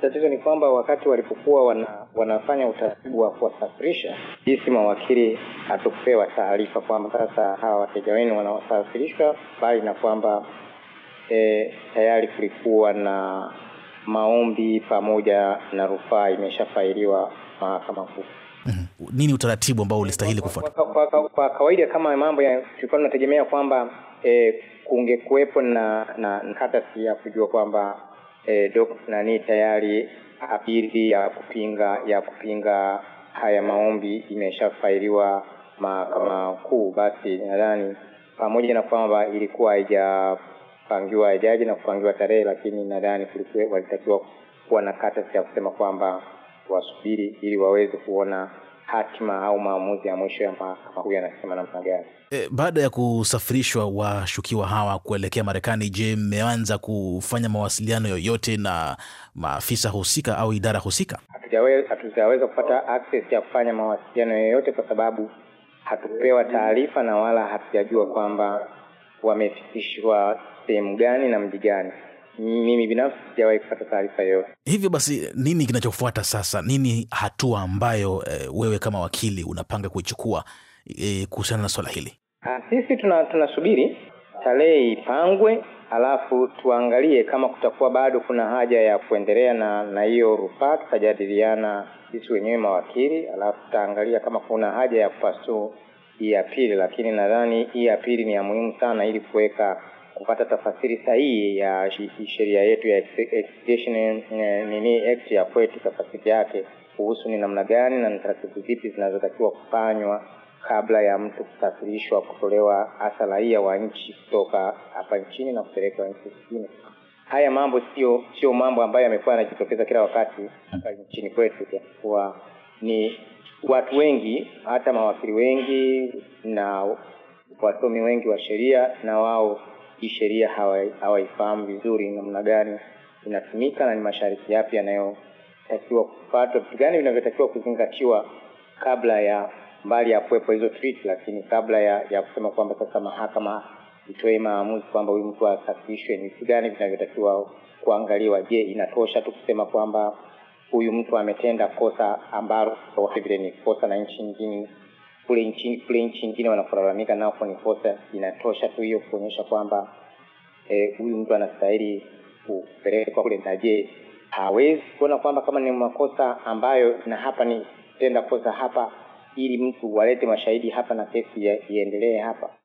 Tatizo ni kwamba wakati walipokuwa wana, wanafanya utaratibu wa kuwasafirisha, jinsi mawakili hatukupewa taarifa kwamba sasa hawa wateja wenu wanawasafirishwa, bali na kwamba e, tayari kulikuwa na maombi pamoja na rufaa imeshafailiwa mahakama kuu. Mm-hmm. Nini utaratibu ambao ulistahili kufuata? Kwa, kwa, kwa, kwa kawaida kama mambo tulikuwa tunategemea kwamba e, kungekuwepo na, na, na ya kujua kwamba e, eh, dok, nani tayari apili ya kupinga ya kupinga haya maombi imeshafailiwa mahakama kuu. Basi nadhani pamoja na kwamba ilikuwa haijapangiwa jaji na kupangiwa tarehe, lakini nadhani kulikuwa walitakiwa kuwa na kata ya kusema kwamba wasubiri ili waweze kuona hatima au maamuzi ya mwisho ya mahakama huyu anasema namna gani? E, baada ya kusafirishwa washukiwa hawa kuelekea Marekani, je, mmeanza kufanya mawasiliano yoyote na maafisa husika au idara husika? Hatujaweza kupata access ya kufanya mawasiliano yoyote kwa sababu hatupewa taarifa na wala hatujajua kwamba wamefikishwa sehemu gani na mji gani mimi binafsi sijawahi kupata taarifa yoyote. Hivyo basi, nini kinachofuata sasa? Nini hatua ambayo e, wewe kama wakili unapanga kuichukua e, kuhusiana na swala hili? Ha, ah, sisi tunasubiri tuna tarehe ipangwe, alafu tuangalie kama kutakuwa bado kuna haja ya kuendelea na na hiyo rufaa. Tutajadiliana sisi wenyewe mawakili, alafu tutaangalia kama kuna haja ya kupasuu hii ya pili, lakini nadhani hii ya pili ni ya muhimu sana ili kuweka kupata tafasiri sahihi ya sheria yetu ya extradition eh, nini act ya kwetu, tafasiri yake kuhusu ni namna gani na ni taratibu zipi zinazotakiwa kufanywa kabla ya mtu kusafirishwa kutolewa hasa raia wa nchi kutoka hapa nchini na kupeleka nchi zingine. Haya mambo sio sio mambo ambayo yamekuwa yanajitokeza kila wakati hapa nchini kwetu, kwa ni watu wengi, hata mawakili wengi na wasomi wengi wa sheria, na wao hii sheria hawaifahamu vizuri namna gani inatumika na ni masharti yapi yanayotakiwa kufuatwa, vitu gani vinavyotakiwa kuzingatiwa kabla ya mbali ya kuwepo hizo treaty, lakini kabla ya, ya kusema kwamba sasa mahakama itoe maamuzi kwamba huyu mtu asafishwe, ni vitu gani vinavyotakiwa kuangaliwa? Je, inatosha tu kusema kwamba huyu mtu ametenda kosa ambalo vile ni kosa na nchi nyingine kule nchi kule nchi nyingine wanafaramika nao phone enforcer inatosha tu hiyo kuonyesha kwamba eh, huyu e, mtu anastahili kupelekwa kule. Naje hawezi kuona kwamba kama ni makosa ambayo na hapa ni tenda kosa hapa, ili mtu walete mashahidi hapa na kesi iendelee hapa.